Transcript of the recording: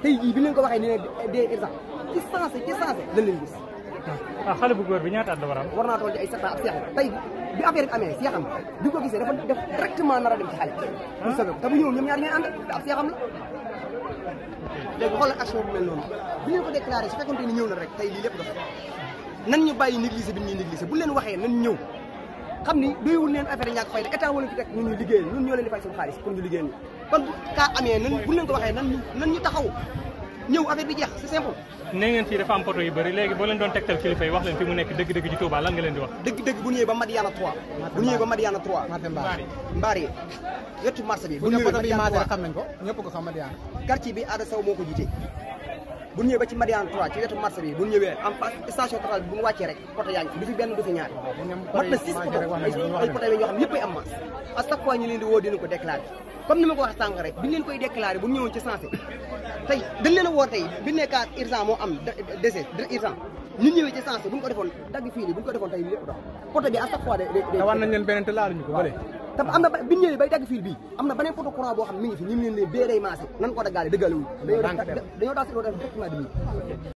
tey jii bi leen ko waxee ne dee exemple ci sensé ci sensé dañ leen gis. Ah, xale bu góor bi ñaata at war naa toll ci ay sept ans ak seexam bi affaire bi amee seexam bi ko gisee directement nar a dem ci xale. Ah. pour sa te bu ñëwoon ñoom ñaar ñooy ànd te ab seexam la. léegi xoolal action bu mel noonu bu leen ko déclaré su fekkoon ne ñëw na rek tey lii lépp dafa nan ñu bàyyi négligé bi ñuy négligé bu leen waxee nan ñëw. xam ni doyul leen affaire ñàkk fay la état wala fi teg ñun ñu liggéeyal ñun ñoo leen di fay suñu xaalis pour ñu liggéeyal ñu kon bu kaa amee nan bu leen ko waxee nan ñu taxaw ñëw affaire bi jeex c'est simple nee fii dafa am poto yu bëri léegi boo leen doon tegtal kilifa yi wax leen fi mu nekk dëgg-dëgg ci Touba lan nga leen di wax dëgg-dëgg bu ñëwee ba Madiana 3 bu ñëwee ba bi bu ñëwee ba Madiana 3 bi aada saw moo ko jiite bu ñëwee ba ci Madiane 3 ci wetu marché bi bu ñëwee en face station totale bi bu poto yaa ngi fi benn du fi poto ay poto yoo xam yëpp ay am woo dina ko déclaré comme ni ma ko waxee sànq rek koy déclaré bu ci sensé tey dañ leen a woo tey bi nekkaat urgent moo am décès urgent ñu ñëwee ci sensé bu ñu ko defoon dagg fii nii bu ñu ko defoon tey lépp dox poto bi à te am na ba bay dagg fil bii am na beneen poto courant boo xam mi ngi fi ñu ngi leen maase nan ko daggaale dëggaale wu dañoo dañoo daal seen def directement